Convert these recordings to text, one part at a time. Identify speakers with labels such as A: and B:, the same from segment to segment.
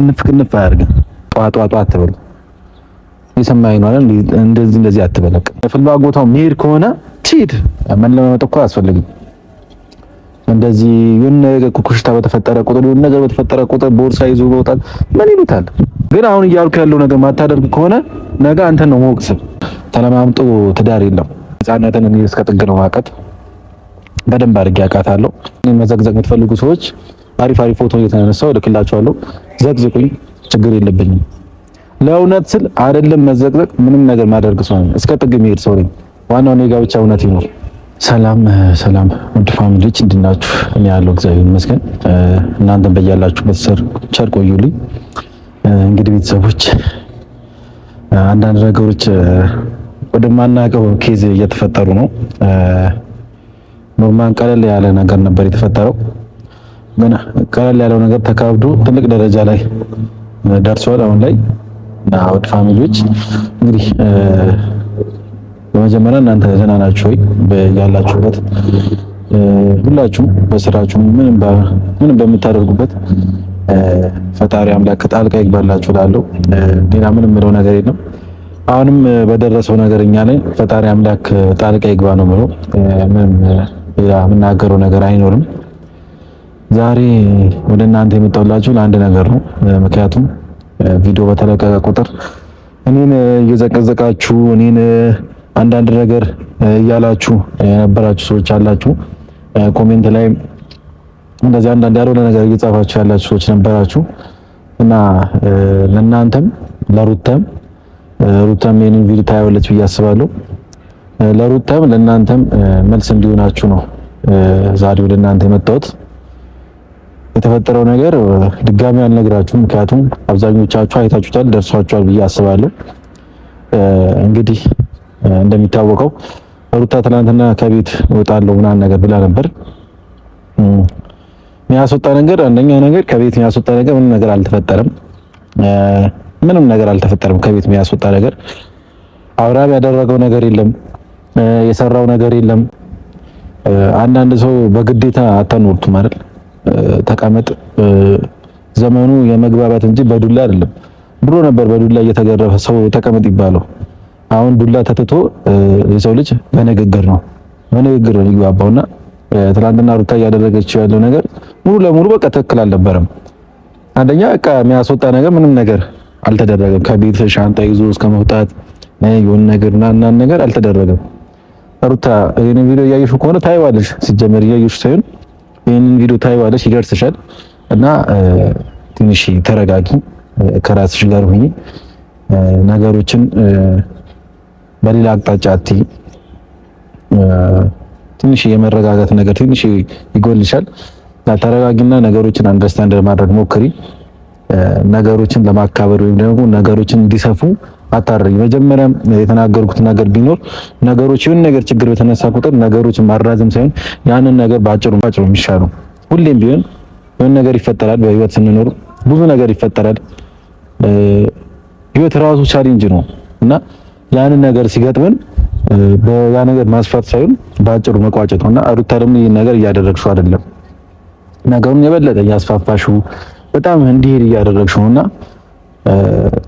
A: ክንፍ ክንፍ አያርግም። ጧጧ ጧ አትበል። የሰማኸኝ ነው አይደል? እንደዚህ እንደዚህ አትበለቅ። ፍላጎታው መሄድ ከሆነ ትሂድ። መለማመጥ እኮ አያስፈልግም። እንደዚህ የሆነ ነገር ኩሽታ በተፈጠረ ቁጥር የሆነ ነገር በተፈጠረ ቁጥር ቦርሳ ይዞ መውጣት ምን ይሉታል? ግን አሁን እያልኩ ያለው ነገር ማታደርግ ከሆነ ነገ አንተ ነው መወቅስ። ተለማምጦ ትዳር የለም። ሕፃነትን እኔ እስከ ጥግ ነው ማቀት በደንብ አድርጌ አውቃታለሁ። መዘግዘግ የምትፈልጉ ሰዎች አሪፍ አሪፍ ፎቶ እየተነሳው እልክላችኋለሁ። ዘቅዝቁኝ፣ ችግር የለብኝም። ለእውነት ስል አይደለም መዘቅዘቅ፣ ምንም ነገር ማደርግ ሰው ነኝ። እስከ ጥግ የሚሄድ ሰው ነኝ። ዋናው እኔ ጋር ብቻ እውነት ይኖር። ሰላም ሰላም፣ ውድ ፋሚሊዎች እንድናችሁ፣ እኔ ያለው እግዚአብሔር ይመስገን። እናንተም በያላችሁበት ቸር ቆዩልኝ። እንግዲህ ቤተሰቦች አንዳንድ ነገሮች ወደማናውቀው ኬዝ እየተፈጠሩ ነው። ኖርማን ቀለል ያለ ነገር ነበር የተፈጠረው ገና ቀለል ያለው ነገር ተካብዶ ትልቅ ደረጃ ላይ ደርሷል። አሁን ላይ አውድ ፋሚሊዎች እንግዲህ በመጀመሪያ እናንተ ደህና ናችሁ ወይ? ያላችሁበት ሁላችሁም በስራችሁ ምንም በምታደርጉበት ፈጣሪ አምላክ ጣልቃ ይግባላችሁ እላለሁ። ሌላ ምንም ምለው ነገር የለም። አሁንም በደረሰው ነገር እኛ ላይ ፈጣሪ አምላክ ጣልቃ ይግባ ነው ምለው። ምንም ሌላ የምናገረው ነገር አይኖርም። ዛሬ ወደ እናንተ የመጣሁላችሁ ለአንድ ነገር ነው። ምክንያቱም ቪዲዮ በተለቀቀ ቁጥር እኔን እየዘቀዘቃችሁ እኔን አንዳንድ ነገር እያላችሁ የነበራችሁ ሰዎች አላችሁ። ኮሜንት ላይ እንደዚህ አንዳንድ ያልሆነ ነገር እየጻፋችሁ ያላችሁ ሰዎች ነበራችሁ እና ለእናንተም ለሩተም ሩተም ይህንን ቪዲዮ ታያለች ብዬ አስባለሁ። ለሩተም ለእናንተም መልስ እንዲሆናችሁ ነው ዛሬ ወደ እናንተ የመጣሁት። የተፈጠረው ነገር ድጋሚ አልነግራችሁም፣ ምክንያቱም አብዛኞቻችሁ አይታችሁታል፣ ደርሷችኋል ብዬ አስባለሁ። እንግዲህ እንደሚታወቀው ሩታ ትናንትና ከቤት እወጣለሁ ምናምን ነገር ብላ ነበር። የሚያስወጣ ነገር አንደኛ ነገር ከቤት የሚያስወጣ ነገር ምንም ነገር አልተፈጠረም። ምንም ነገር አልተፈጠረም። ከቤት የሚያስወጣ ነገር አብርሃም ያደረገው ነገር የለም፣ የሰራው ነገር የለም። አንዳንድ ሰው በግዴታ አታኖሩት ማለት ተቀመጥ። ዘመኑ የመግባባት እንጂ በዱላ አይደለም። ድሮ ነበር በዱላ እየተገረፈ ሰው ተቀመጥ ይባለው። አሁን ዱላ ተትቶ የሰው ልጅ በንግግር ነው በንግግር ነው የሚግባባውና ትላንትና ሩታ እያደረገችው ያለው ነገር ሙሉ ለሙሉ በቃ ትክክል አልነበረም። አንደኛ በቃ የሚያስወጣ ነገር ምንም ነገር አልተደረገም። ከቤት ሻንጣ ይዞ እስከ መውጣት የሆነ ነገር ናና ነገር አልተደረገም። ሩታ ይህን ቪዲዮ እያየሽ ከሆነ ታይዋለሽ። ሲጀመር እያየሽ ሳይሆን ይህንን ቪዲዮ ታይዋለሽ፣ ይደርስሻል እና ትንሽ ተረጋጊ፣ ከራስሽ ጋር ሁኚ። ነገሮችን በሌላ አቅጣጫ አቲ ትንሽ የመረጋጋት ነገር ትንሽ ይጎልሻል። ተረጋጊና ነገሮችን አንደርስታንድ ለማድረግ ሞክሪ። ነገሮችን ለማካበር ወይም ደግሞ ነገሮችን እንዲሰፉ አታድርጊ። መጀመሪያም የተናገርኩት ነገር ቢኖር ነገሮች ይሁን ነገር ችግር በተነሳ ቁጥር ነገሮች ማራዘም ሳይሆን ያንን ነገር ባጭሩ ባጭሩ የሚሻለው ሁሌም ቢሆን የሆነ ነገር ይፈጠራል። በህይወት ስንኖር ብዙ ነገር ይፈጠራል። ህይወት ራሱ ቻሌንጅ ነው እና ያንን ነገር ሲገጥምን በያ ነገር ማስፈር ሳይሆን ባጭሩ መቋጨት ነውና ሩታ ደግሞ ይህን ነገር እያደረግሽው አይደለም፣ ነገሩን የበለጠ እያስፋፋሽው በጣም እንዲሄድ እያደረግሽው ነውና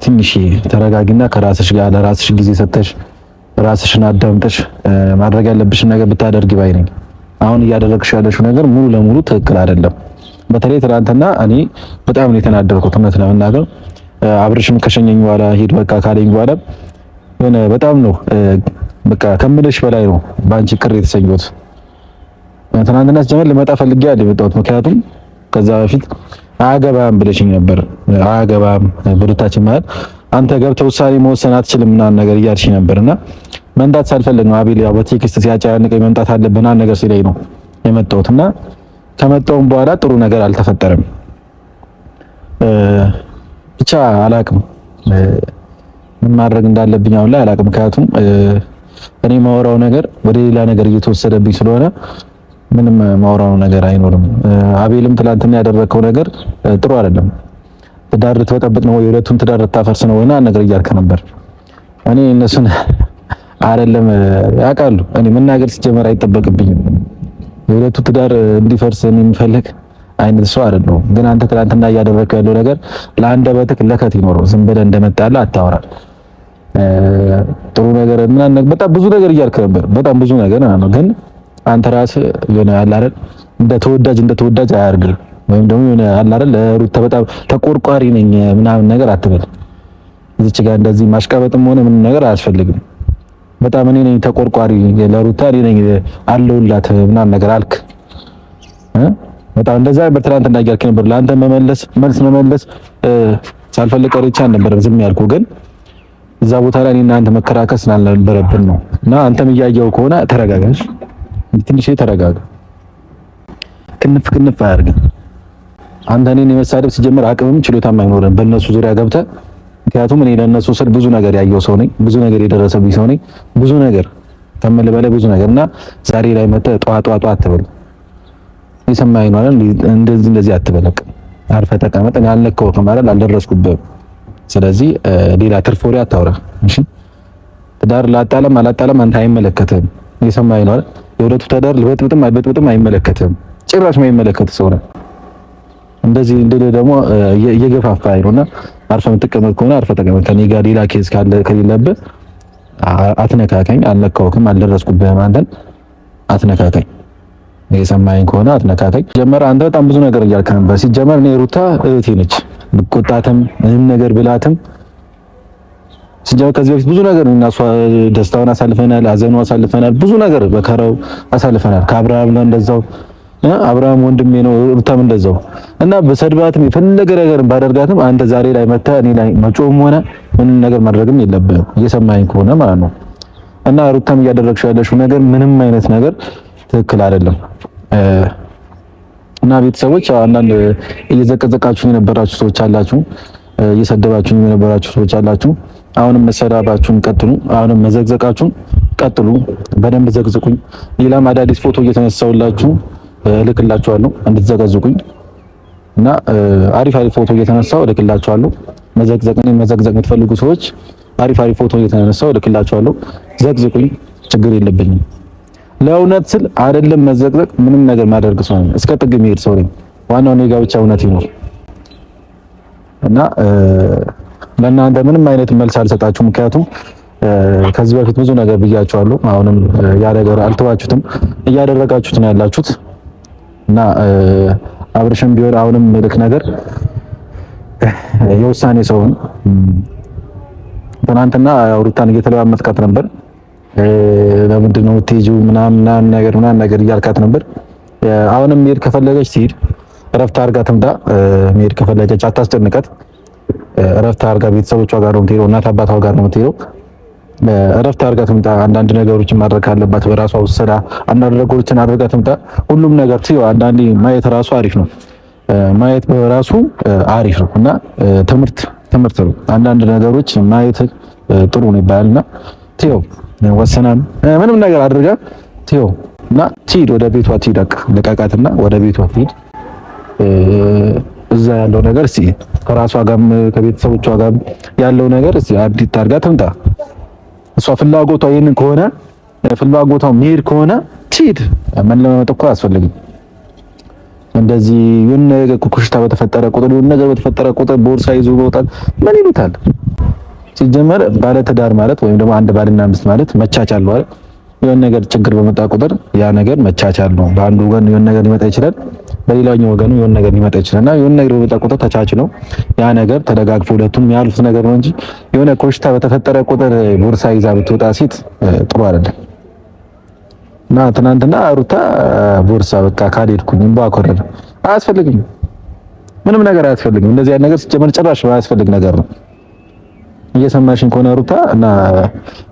A: ትንሽ ተረጋጊና ከራስሽ ጋር ለራስሽ ጊዜ ሰጥተሽ ራስሽን አዳምጠሽ ማድረግ ያለብሽን ነገር ብታደርጊ ባይ ነኝ። አሁን እያደረግሽ ያለሽው ነገር ሙሉ ለሙሉ ትክክል አይደለም። በተለይ ትናንትና እኔ በጣም ነው የተናደርኩት። እውነት ለመናገር አብርሽም ከሸኘኝ በኋላ ሂድ በቃ ካለኝ በኋላ የሆነ በጣም ነው በቃ ከምልሽ በላይ ነው በአንቺ ቅር የተሰኘሁት። ትናንትና ስጀምር ልመጣ ፈልጌ አይደል የመጣሁት። ምክንያቱም ከዛ በፊት አያገባም ብለሽኝ ነበር። አያገባም በሁለታችን ማለት አንተ ገብተህ ውሳኔ መወሰን አትችልም ምናምን ነገር እያልሽ ነበርና መንዳት ሳልፈልግ ነው አቤል ያው በቴክስት ሲያጨናንቀኝ መምጣት አለብህ ምናምን ነገር ሲለኝ ነው የመጣሁት እና ከመጣሁም በኋላ ጥሩ ነገር አልተፈጠረም። ብቻ አላቅም ምን ማድረግ እንዳለብኝ አሁን ላይ አላቅም። ምክንያቱም እኔ ማወራው ነገር ወደ ሌላ ነገር እየተወሰደብኝ ስለሆነ ምንም ማውራው ነገር አይኖርም። አቤልም ትላንትና ያደረከው ነገር ጥሩ አይደለም። ትዳር ልትበጠብጥ ነው፣ የሁለቱን ትዳር ልታፈርስ ነው እና ነገር እያልክ ነበር። እኔ እነሱን አይደለም ያውቃሉ። እኔ መናገር ሲጀመር አይጠበቅብኝም። የሁለቱ ትዳር እንዲፈርስ የሚፈልግ አይነት ሰው አይደለሁም። ግን አንተ ትላንትና እያደረከው ያለው ነገር ለአንደበትህ ለከት ይኖረው። ዝም ብለህ እንደመጣለ አታወራ። ጥሩ ነገር ምናምን በጣም ብዙ ነገር እያልክ ነበር። በጣም ብዙ ነገር ነው ግን አንተ ራስህ የሆነ አለ አይደል እንደ ተወዳጅ እንደ ተወዳጅ አያርግም። ወይም ደግሞ የሆነ አለ አይደል ሩታ በጣም ተቆርቋሪ ነኝ ምናምን ነገር አትበል። እዚች ጋር እንደዚህ ማሽቀበጥም ሆነ ምን ነገር አያስፈልግም። በጣም እኔ ነኝ ተቆርቋሪ ለሩታ እኔ ነኝ አለውላት ምናምን ነገር አልክ። በጣም እንደዛ ነበር ትናንትና እያልክ ነበር። ለአንተ መመለስ መልስ መመለስ ሳልፈልግ ቀርቼ አልነበረም ዝም ያልኩ ግን እዛ ቦታ ላይ እኔና አንተ መከራከር ስላልነበረብን ነው። እና አንተም እያየው ከሆነ ተረጋጋሽ። ትንሽ ተረጋጋ። ክንፍ ክንፍ አያርግም። አንተ እኔን የመሳደብ ሲጀምር አቅምም ችሎታም አይኖርም በእነሱ ዙሪያ ገብተህ። ምክንያቱም እኔ ለእነሱ ስል ብዙ ነገር ያየው ሰው ነኝ፣ ብዙ ነገር የደረሰብኝ ሰው ነኝ። ብዙ ነገር ከምልህ በላይ ብዙ ነገር እና ዛሬ ላይ መጥተህ ጧ ጧ ጧ አትበል። የሰማኸኝ ነው አይደል? እንደዚህ እንደዚህ አትበለቅ፣ አርፈህ ተቀመጥ። እኔ አልነካሁህም አይደል? አልደረስኩብህም። ስለዚህ ሌላ ትርፍ ወሬ አታውራ። እሺ፣ ትዳር ላጣለም አላጣለም አንተ አይመለከትህም። የሰማኸኝ ነው አይደል? የሁለቱ ትዳር ልበጥብጥም አይበጥብጥም አይመለከትም። ጭራሽ የማይመለከት ሰው ነው። እንደዚህ እንድልህ ደግሞ እየገፋፋ ነውና አርፈ የምትቀመጥ ከሆነ አርፈ ተቀመጥ። ከኔ ጋር ሌላ ኬዝ ካለ ከሌለብህ አትነካከኝ። አልነካውክም፣ አልደረስኩብህም። አንተን አትነካከኝ የሰማኝ ከሆነ አትነካከኝ። ጀመር አንተ በጣም ብዙ ነገር እያልክ ነበር። ሲጀመር እኔ ሩታ እህቴ ነች። ብቆጣትም ምንም ነገር ብላትም ሲጀመር ከዚህ በፊት ብዙ ነገር እና እሷ ደስታውን አሳልፈናል፣ አዘኑ አሳልፈናል፣ ብዙ ነገር በከራው አሳልፈናል። ከአብርሃም ጋር እንደዛው አብርሃም ወንድሜ ነው፣ ሩታም እንደዛው እና በሰድባትም የፈለገ ነገር ባደርጋትም አንተ ዛሬ ላይ መታ እኔ ላይ መጮም ሆነ ምን ነገር ማድረግም የለብህም እየሰማኝ ከሆነ ማለት ነው። እና ሩታም እያደረግሽ ያለሽው ነገር ምንም አይነት ነገር ትክክል አይደለም። እና ቤተሰቦች አንዳንድ እየዘቀዘቃችሁ የነበራችሁ ሰዎች አላችሁ፣ እየሰደባችሁ የነበራችሁ ሰዎች አላችሁ አሁንም መሰዳባችሁን ቀጥሉ። አሁንም መዘግዘቃችሁን ቀጥሉ። በደንብ ዘግዝቁኝ። ሌላም አዳዲስ ፎቶ እየተነሳውላችሁ እልክላችኋለሁ እንድትዘገዝቁኝ እና አሪፍ አሪፍ ፎቶ እየተነሳው እልክላችኋለሁ። መዘግዘቅን መዘግዘቅ የምትፈልጉ ሰዎች አሪፍ አሪፍ ፎቶ እየተነሳው እልክላችኋለሁ። ዘግዝቁኝ፣ ችግር የለብኝም። ለእውነት ስል አይደለም መዘግዘቅ፣ ምንም ነገር ማደርግ ሰው ነኝ፣ እስከ ጥግ የሚሄድ ሰው ነኝ። ዋናው እኔ ጋ ብቻ እውነት ይኖር እና ለእናንተ ምንም አይነት መልስ አልሰጣችሁ። ምክንያቱም ከዚህ በፊት ብዙ ነገር ብያችኋለሁ። አሁንም ያ ነገር አልተዋችሁትም፣ እያደረጋችሁት ነው ያላችሁት እና አብርሽም ቢሆን አሁንም ልክ ነገር የውሳኔ ሰውን ትናንትና ሩታን እየተለማመጥካት ነበር። ለምንድን ነው የምትሄጂው? ምናምን ምናምን ነገር ምናምን ነገር እያልካት ነበር። አሁንም መሄድ ከፈለገች ትሄድ፣ እረፍት አድርጋ ትምጣ። መሄድ ከፈለገች አታስጨንቀት። እረፍት አድርጋ ቤተሰቦቿ ጋር ነው የምትሄደው፣ እናት አባቷ ጋር ነው የምትሄደው። እረፍት አርጋ ትምጣ። አንዳንድ ነገሮችን ማድረግ ካለባት በራሷ ወስና አንዳንድ ነገሮችን አድርጋ ትምጣ። ሁሉም ነገር ትይው። አንዳንዴ ማየት ራሱ አሪፍ ነው። ማየት በራሱ አሪፍ ነው እና ትምህርት ትምህርት ነው። አንዳንድ ነገሮች ማየት ጥሩ ነው ይባላልና ትይው። ወሰናን ምንም ነገር አድርጋ ትይው እና ትሂድ፣ ወደ ቤቷ ትሂድ። ለቃቃትና ወደ ቤቷ ትሂድ። እዛ ያለው ነገር እስቲ ከራሷ ጋርም ከቤተሰቦቿ ጋርም ያለው ነገር እስቲ አዲት አድርጋ ትምጣ። እሷ ፍላጎቷ ይሄንን ከሆነ ፍላጎቷ መሄድ ከሆነ ትሂድ። መለማመጥ እኮ አያስፈልግም። እንደዚህ የሆነ ነገር ኩሽታ በተፈጠረ ቁጥር የሆነ ነገር በተፈጠረ ቁጥር ቦርሳ ይዞ ይወጣል። ምን ይሉታል? ሲጀመር ባለ ትዳር ማለት ወይም ደግሞ አንድ ባልና ሚስት ማለት መቻቻል ነው። አይደል? የሆነ ነገር ችግር በመጣ ቁጥር ያ ነገር መቻቻል ነው። በአንዱ ወገን የሆነ ነገር ሊመጣ ይችላል። በሌላኛው ወገኑ የሆነ ነገር ሊመጣ ይችላል እና የሆነ ነገር በመጣ ቁጥር ነው ያ ነገር ተደጋግፎ ሁለቱም ያሉት ነገር ነው እንጂ የሆነ ኮሽታ በተፈጠረ ቁጥር ቦርሳ ይዛ ብትወጣ ሴት ጥሩ አይደለም። እና ትናንትና ሩታ ቦርሳ በቃ ካልሄድኩኝ እንባ ኮረደ። አያስፈልግም፣ ምንም ነገር አያስፈልግም። እንደዚህ አይነት ነገር ሲጀመር ጭራሽ አያስፈልግ ነገር ነው። እየሰማሽን ከሆነ ሩታ እና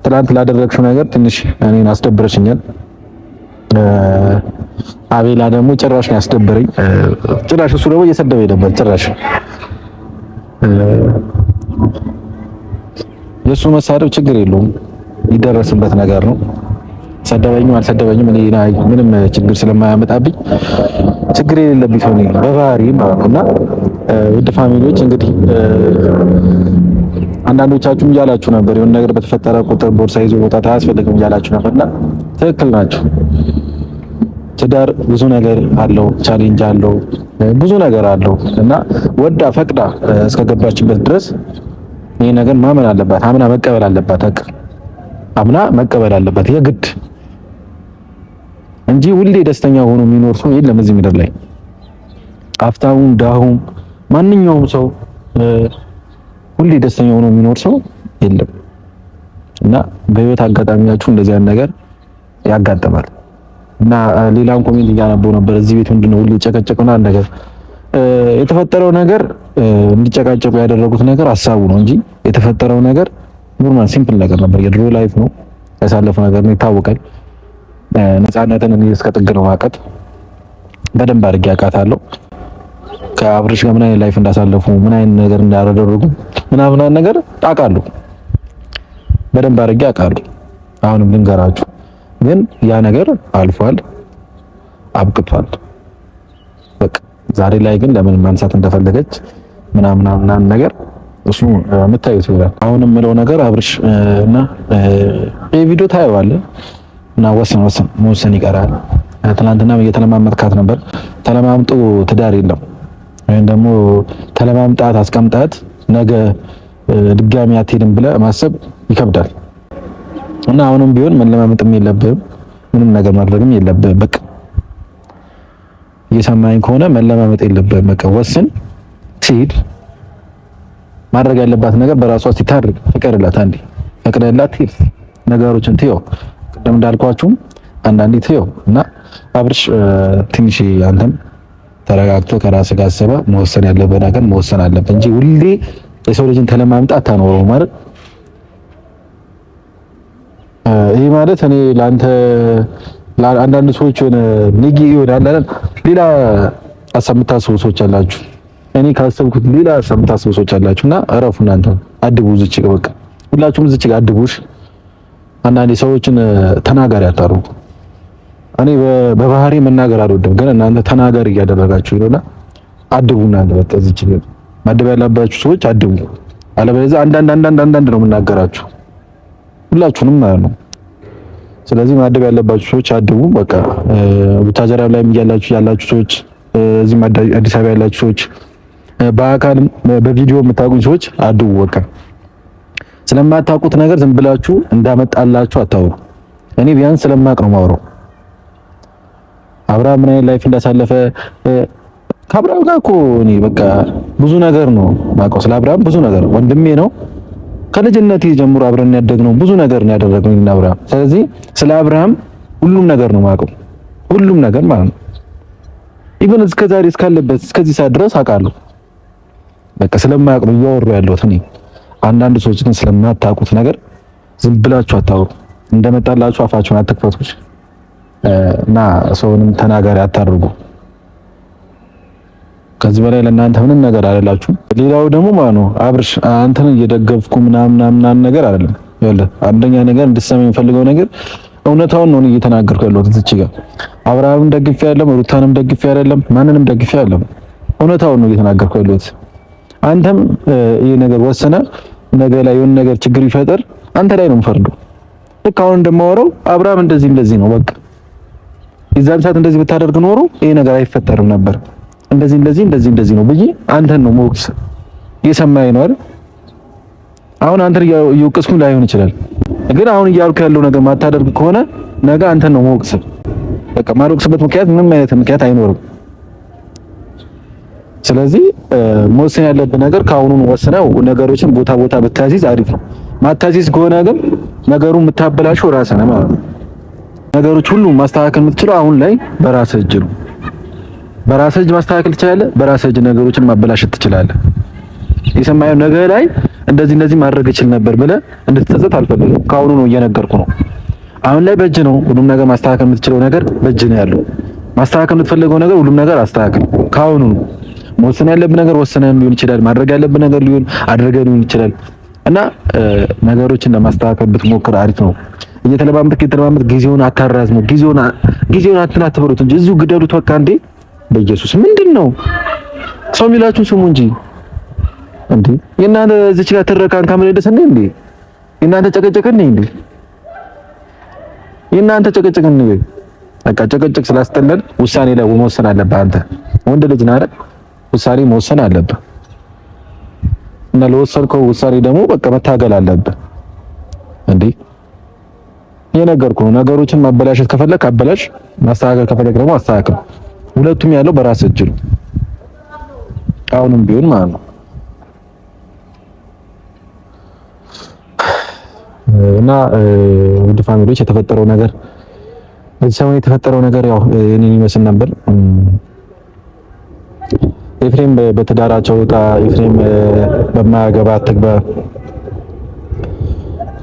A: ትናንት ላደረግሽው ነገር ትንሽ እኔን አስደብረሽኛል። አቤላ ደግሞ ጭራሽ ነው ያስደበረኝ። ጭራሽ እሱ ደግሞ እየሰደበኝ ነበር። ጭራሽ የእሱ መሳደብ ችግር የለውም ይደረስበት ነገር ነው። ሰደበኝም አልሰደበኝም እኔ ምንም ችግር ስለማያመጣብኝ ችግር የሌለብኝ ሰው ነኝ በባህሪ ማለት ውድ ፋሚሊዎች እንግዲህ አንዳንዶቻችሁም እያላችሁ ነበር የሆነ ነገር በተፈጠረ ቁጥር ቦርሳ ይዞ መውጣት አያስፈልግም እያላችሁ ነበርና ትክክል ናቸው። ትዳር ብዙ ነገር አለው፣ ቻሌንጅ አለው፣ ብዙ ነገር አለው እና ወዳ ፈቅዳ እስከገባችበት ድረስ ይህ ነገር ማመን አለባት። አምና መቀበል አለባት። አምና መቀበል አለባት የግድ እንጂ ሁሌ ደስተኛ ሆኖ የሚኖር ሰው የለም እዚህ ምድር ላይ ሀብታሙም ድሃውም ማንኛውም ሰው ሁሌ ደስተኛ ሆኖ የሚኖር ሰው የለም እና በህይወት አጋጣሚያችሁ እንደዚህ አይነት ነገር ያጋጥማል። እና ሌላውን ኮሜንት እያነበው ነበር። እዚህ ቤት ምንድነው ሁሉ ጨቀጨቅ ምናምን ነገር የተፈጠረው ነገር እንዲጨቃጨቁ ያደረጉት ነገር ሀሳቡ ነው እንጂ የተፈጠረው ነገር ኖርማል ሲምፕል ነገር ነበር። የድሮ ላይፍ ነው ያሳለፈው ነገር ነው ይታወቃል። ነፃነትን እኔ እስከ ጥግ ነው ማቀት በደንብ አድርጌ አውቃታለሁ። ከአብርሽ ጋር ምን አይነት ላይፍ እንዳሳለፉ ምን አይነት ነገር እንዳደረጉ ምናምን ነገር አውቃለሁ፣ በደንብ አድርጌ አውቃለሁ። አሁንም ልንገራችሁ ግን ያ ነገር አልፏል፣ አብቅቷል። በቃ ዛሬ ላይ ግን ለምን ማንሳት እንደፈለገች ምናምን ምናምን ነገር እሱ የምታዩት ይሆናል። አሁን የምለው ነገር አብርሽ እና የቪዲዮ ታየዋለህ እና ወሰን ወሰን መወሰን ይቀራል። ትናንትና እየተለማመጥካት ነበር። ተለማምጡ ትዳር የለም ወይም ደግሞ ተለማምጣት አስቀምጣት ነገ ድጋሚ አትሄድም ብለህ ማሰብ ይከብዳል። እና አሁንም ቢሆን መለማመጥም የለብህም ምንም ነገር ማድረግም የለብህም። በቃ እየሰማኸኝ ከሆነ መለማመጥ የለብህም። በቃ ወስን ትሂድ። ማድረግ ያለባት ነገር በራሷ ሲታርግ ፍቅርላት፣ አንዴ ፍቅርላት፣ ትሂድ። ነገሮችን ትየው። ቅድም እንዳልኳችሁም አንዳንዴ ትየው እና አብርሽ ትንሽ አንተም ተረጋግቶ ከራስ ጋር አስበህ መወሰን ያለበት ነገር መወሰን አለበት እንጂ ሁሌ የሰው ልጅን ተለማምጣ ታኖረው ማለት ይሄ ማለት እኔ ለአንተ አንዳንድ ሰዎች የሆነ ንጊ ይሆን አንዳንድ ሌላ ሀሳብ ሰዎች አላችሁ። እኔ ካሰብኩት ሌላ ሀሳብ ሰዎች አላችሁ እና እረፉ እናንተ አድቡ። ዝች በቃ ሁላችሁም ዝች አድቡሽ። አንዳንድ ሰዎችን ተናጋሪ አታሩ። እኔ በባህሪ መናገር አልወድም፣ ግን እናንተ ተናጋሪ እያደረጋችሁ ይሆና አድቡ። እናንተ በቃ ዝች ማደብ ያለባችሁ ሰዎች አድቡ። አለበለዚያ አንዳንድ አንዳንድ አንዳንድ ነው የምናገራችሁ ሁላችሁንም ማለት ነው። ስለዚህ ማደብ ያለባችሁ ሰዎች አድቡ። በቃ ቡታጀራ ላይ ያላችሁ ያላችሁ ሰዎች እዚህም አዲስ አበባ ያላችሁ ሰዎች በአካል በቪዲዮ የምታውቁኝ ሰዎች አድቡ። በቃ ስለማታውቁት ነገር ዝም ብላችሁ እንዳመጣላችሁ አታውሩ። እኔ ቢያንስ ስለማቅ ነው የማወራው። አብርሃም ምን አይነት ላይፍ እንዳሳለፈ ከአብርሃም ጋር እኮ እኔ በቃ ብዙ ነገር ነው የማውቀው። ስለ አብርሃም ብዙ ነገር ወንድሜ ነው ከልጅነት ጀምሮ አብረን ያደግነው ብዙ ነገር ነው ያደረገው እኔና አብርሃም። ስለዚህ ስለ አብርሃም ሁሉም ነገር ነው የማውቀው፣ ሁሉም ነገር ማለት ነው። ኢቨን እስከ ዛሬ እስካለበት እስከዚህ ሰዓት ድረስ አውቃለሁ። በቃ ስለማያውቅ ነው ያለው ያለሁት እኔ። አንዳንድ ሰዎች ግን ስለማታውቁት ነገር ዝም ብላችሁ አታውሩ። እንደመጣላችሁ አፋችሁን አትክፈቱ እና ሰውንም ተናጋሪ አታድርጉ። ከዚህ በላይ ለእናንተ ምንም ነገር አይደላችሁ። ሌላው ደግሞ ማለት ነው አብርሽ አንተን እየደገፍኩ ምናምን ምናምን ነገር አይደለም። አንደኛ ነገር እንድትሰማ የሚፈልገው ነገር እውነታውን ነው እየተናገርኩ ያለሁት። እዚህ ጋር አብርሃምም ደግፌ አይደለም፣ ሩታንም ደግፌ አይደለም፣ ማንንም ደግፌ አይደለም። እውነታውን ነው እየተናገርኩ ያለሁት። አንተም ይሄ ነገር ወሰነ ነገ ላይ የሆነ ነገር ችግር ይፈጠር አንተ ላይ ነው ፈርዶ ልክ አሁን እንደማወራው አብርሃም እንደዚህ እንደዚህ ነው በቃ የዛን ሰዓት እንደዚህ ብታደርግ ኖሮ ይሄ ነገር አይፈጠርም ነበር። እንደዚህ እንደዚህ እንደዚህ እንደዚህ ነው ብዬ አንተን ነው ሞክስ እየሰማኸኝ ነው አይደል? አሁን አንተን እየወቀስኩ ላይሆን ይችላል፣ ግን አሁን እያልኩ ያለው ነገር ማታደርግ ከሆነ ነገ አንተን ነው ሞክስ። በቃ ማልወቅስበት ምክንያት ምንም አይነት ምክንያት አይኖርም። ስለዚህ መወሰን ያለብህ ነገር ከአሁኑ ወስነው ነገሮችን ቦታ ቦታ ብታዚዝ አሪፍ ነው። ማታዚዝ ከሆነ ግን ነገሩን የምታበላሽው ራስህ ነው ማለት ነው። ነገሮች ሁሉ ማስተካከል የምትችለው አሁን ላይ በራስህ እጅ ነው። በራስህ እጅ ማስተካከል ትችላለህ። በራስህ እጅ ነገሮችን ማበላሸት ትችላለህ። የሰማየው ነገር ላይ እንደዚህ እንደዚህ ማድረግ እችል ነበር ብለህ እንድትጸጸት አልፈልግም። ከአሁኑ ነው እየነገርኩ ነው። አሁን ላይ በእጅ ነው ሁሉም ነገር ማስተካከል የምትችለው ነገር በእጅ ነው ያለው። ማስተካከል የምትፈልገው ነገር ሁሉም ነገር አስተካከል። ከአሁኑ ነው መወሰን ያለብህ ነገር ወሰነህም ሊሆን ይችላል። ማድረግ ያለብህ ነገር ሊሆን አድርገህ ሊሆን ይችላል። እና ነገሮችን ለማስተካከል ብትሞክር አሪፍ ነው። እየተለማመጥክ እየተለማመጥክ ጊዜውን አታራዝመው። ጊዜውን ጊዜውን አትናትበሉት እንጂ እዚሁ ግደሉት በቃ እንዴ በኢየሱስ ምንድን ነው ሰው የሚላችሁ ስሙ እንጂ እንዴ የእናንተ እዚች ጋር ትረካን ካምሬ ደስ እንዴ እንዴ የእናንተ ጨቀጨቅን ነው እንዴ የእናንተ ጨቀጨቅን ነው በቃ ጨቀጨቅ ውሳኔ ላይ መወሰን አለብህ አንተ ወንድ ልጅ ነህ አይደል ውሳኔ መወሰን አለብህ እና ለወሰንከው ውሳኔ ደግሞ በቃ መታገል አለብህ እንዴ የነገርኩህ ነገሮችን ማበላሸት ከፈለክ አበላሽ ማስተካከል ከፈለክ ደግሞ አስተካክል ሁለቱም ያለው በራስ እጅ ነው። አሁንም ቢሆን ማለት ነው እና ውድ ፋሚሊዎች የተፈጠረው ነገር እዚህ ሰሞን የተፈጠረው ነገር ያው እኔን ይመስል ነበር። ኤፍሬም በትዳራቸው ወጣ፣ ኤፍሬም በማያገባ አትግባ።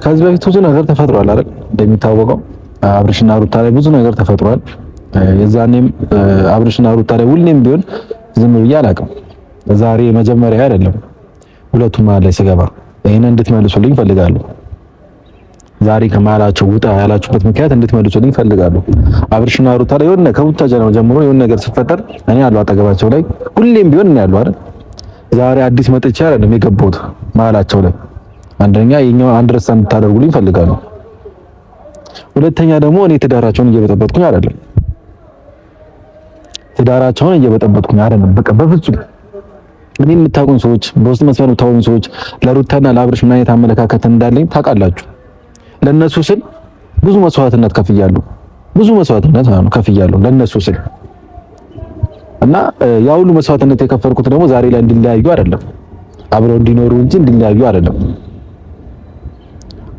A: ከዚህ በፊት ብዙ ነገር ተፈጥሯል አይደል? እንደሚታወቀው አብርሽና ሩታ ላይ ብዙ ነገር ተፈጥሯል። የዛኔም አብርሽና ሩታ ላይ ሁሌም ቢሆን ዝም ብዬ አላውቅም። ዛሬ መጀመሪያ አይደለም ሁለቱም መሀል ላይ ስገባ ይሄን እንድትመልሱልኝ ፈልጋለሁ። ዛሬ ከመሀላቸው ውጣ ያላችሁበት ምክንያት እንድትመልሱልኝ ፈልጋለሁ። አብርሽና ሩታ ላይ የሆነ ከቡታ ጀናው ጀምሮ የሆነ ነገር ሲፈጠር እኔ ያለው አጠገባቸው ላይ ሁሌም ቢሆን እኔ ያለው አይደል። ዛሬ አዲስ መጥቼ አይደለም የገባሁት መሀላቸው ላይ። አንደኛ የኛው አንድረስታንድ እንድታደርጉልኝ ፈልጋለሁ። ሁለተኛ ደግሞ እኔ ትዳራቸውን እየበጠበጥኩኝ አይደለም ትዳራቸውን እየበጠበጥኩ ነው አይደለም። በቃ በፍጹም እኔ የምታውቁኝ ሰዎች በውስጥ መስመር የምታውቁኝ ሰዎች ለሩታና ለአብርሽ ምን አይነት አመለካከት እንዳለኝ ታውቃላችሁ። ለነሱ ስል ብዙ መስዋዕትነት ከፍያለሁ፣ ብዙ መስዋዕትነት አሁን ከፍያለሁ ለነሱ ስል እና ያ ሁሉ መስዋዕትነት የከፈልኩት ደግሞ ዛሬ ላይ እንዲለያዩ አይደለም፣ አብረው እንዲኖሩ እንጂ እንዲለያዩ አይደለም።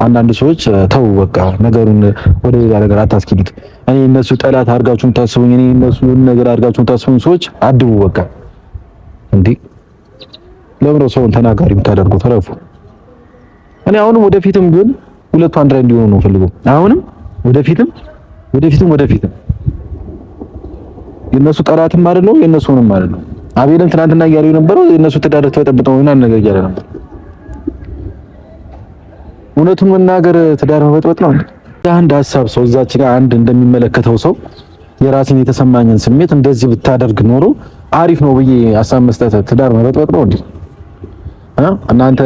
A: አንዳንድ ሰዎች ተው በቃ ነገሩን ወደ ሌላ ነገር አታስኪዱት። እኔ እነሱ ጠላት አድርጋችሁም ታስቡኝ፣ እኔ እነሱ ነገር አድርጋችሁም ታስቡኝ። ሰዎች አድቡ በቃ እንዴ! ለምሮ ሰውን ተናጋሪ የምታደርጉ ተረፉ። እኔ አሁንም ወደፊትም ቢሆን ሁለቱ አንድ ላይ እንዲሆኑ ነው ፈልገው። አሁንም ወደፊትም ወደፊትም ወደፊትም የእነሱ ጠላትም አይደለው የእነሱንም አይደለው። አቤልም ትናንትና እያለው የነበረው የእነሱ ትዳር ተጠብጠው ይሆናል ነገር እያለ ነበር። እውነቱን መናገር ትዳር መበጥበጥ ነው። አንድ ሀሳብ ሰው እዛች ጋር አንድ እንደሚመለከተው ሰው የራሴን የተሰማኝን ስሜት እንደዚህ ብታደርግ ኖሮ አሪፍ ነው ብዬ ሀሳብ መስጠት ትዳር መበጥበጥ ነው እንዴ? እናንተ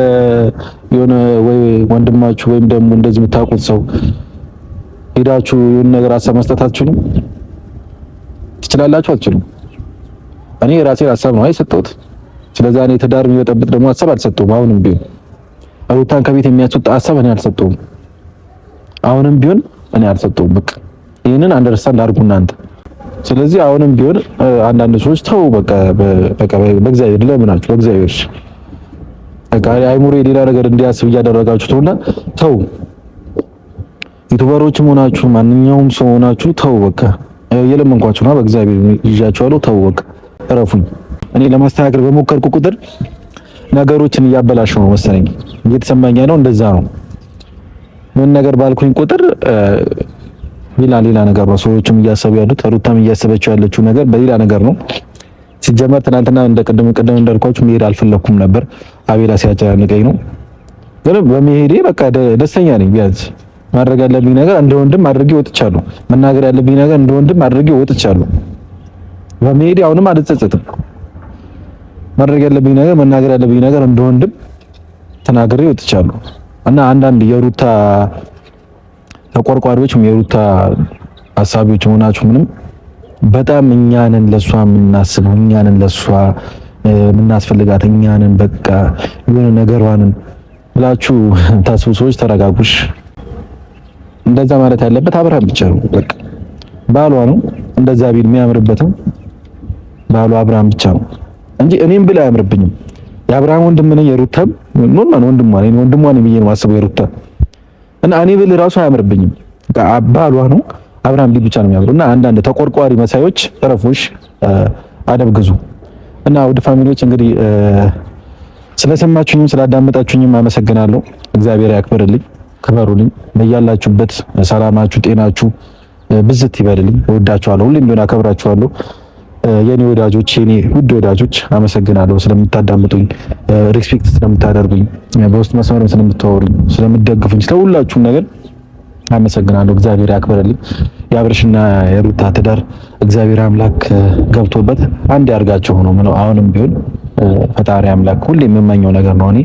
A: የሆነ ወይ ወንድማችሁ ወይም ደግሞ እንደዚህ የምታውቁት ሰው ሄዳችሁ የሆነ ነገር ሀሳብ መስጠታችሁ ትችላላችሁ? አልችሉም። እኔ የራሴን ሀሳብ ነው የሰጠሁት። ስለዚህ እኔ ትዳር የሚበጠብጥ ደግሞ ሀሳብ አልሰጠሁም አሁንም ቢሆን ሩታን ከቤት የሚያስወጣ ሀሳብ እኔ አልሰጠውም። አሁንም ቢሆን እኔ አልሰጠውም። በቃ ይህንን አንደርስታንድ አድርጉ እናንተ። ስለዚህ አሁንም ቢሆን አንዳንድ ሰዎች ተው በቃ በቃ በእግዚአብሔር ለምናችሁ በእግዚአብሔር በቃ አይሙሬ ሌላ ነገር እንዲያስብ እያደረጋችሁ ተውና ተው ዩቱበሮች ሆናችሁ ማንኛውም ሰው ሆናችሁ ተው በቃ የለመንኳችሁ በእግዚአብሔር ይዣችኋለሁ። ተው በቃ እረፉኝ። እኔ ለማስተካከል በሞከርኩ ቁጥር ነገሮችን እያበላሹ ነው መሰለኝ፣ እየተሰማኝ ነው። እንደዛ ነው። ምን ነገር ባልኩኝ ቁጥር ሌላ ሌላ ነገር ነው ሰዎችም እያሰቡ ያሉት፣ ሩታም እያሰበችው ያለችው ነገር በሌላ ነገር ነው። ሲጀመር ትናንትና እንደ ቅድም ቅድም እንዳልኳችሁ መሄድ አልፈለኩም ነበር። አቤላ ሲያጨናንቀኝ ነው። ግን በመሄዴ በቃ ደስተኛ ነኝ። ቢያንስ ማድረግ ያለብኝ ነገር እንደ ወንድም አድርጌ ወጥቻለሁ። መናገር ያለብኝ ነገር እንደ ወንድም አድርጌ ወጥቻለሁ። በመሄዴ አሁንም አልጸጸትም። ማድረግ ያለብኝ ነገር መናገር ያለብኝ ነገር እንደወንድም ተናግሬ ወጥቻለሁ እና አንዳንድ የሩታ ተቆርቋሪዎች የሩታ አሳቢዎች መሆናችሁ ምንም በጣም እኛንን ለሷ የምናስበው እኛንን ለሷ የምናስፈልጋት እኛንን በቃ የሆነ ነገሯንን ብላችሁ ታስቡ ሰዎች ተረጋጉሽ። እንደዛ ማለት ያለበት አብርሃም ብቻ ነው። በቃ ባሏ ነው እንደዛ ቢል የሚያምርበትም ባሏ አብርሃም ብቻ ነው። እንጂ እኔም ብል አያምርብኝም። የአብርሃም ወንድም ነኝ፣ የሩታም ኖርማል ወንድሟ ነኝ። ወንድሟ ነኝ ብዬ ነው የማስበው የሩታ እና እኔ ብል ራሱ አያምርብኝም። ባሏ ነው አብርሃም ሊል ብቻ ነው የሚያምረው። እና አንዳንድ ተቆርቋሪ መሳዮች እረፎሽ፣ አደብ ግዙ። እና ውድ ፋሚሊዎች እንግዲህ ስለሰማችሁኝም ስላዳመጣችሁኝም አመሰግናለሁ። እግዚአብሔር ያክብርልኝ፣ ክበሩልኝ። በያላችሁበት ሰላማችሁ፣ ጤናችሁ ብዝት ይበልልኝ። እወዳችኋለሁ። ሁሌም ቢሆን አከብራችኋለሁ። የኔ ወዳጆች የኔ ውድ ወዳጆች አመሰግናለሁ ስለምታዳምጡኝ፣ ሪስፔክት ስለምታደርጉኝ፣ በውስጥ መስመርም ስለምታወሩኝ፣ ስለምደግፉኝ፣ ስለሁላችሁም ነገር አመሰግናለሁ። እግዚአብሔር ያክብረልኝ። የአብርሽና የሩታ ትዳር እግዚአብሔር አምላክ ገብቶበት አንድ ያርጋቸው ሆኖ ምነው። አሁንም ቢሆን ፈጣሪ አምላክ ሁሌ የምመኘው ነገር ነው። እኔ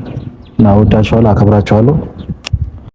A: እና ወዳቸዋለሁ፣ አከብራቸዋለሁ።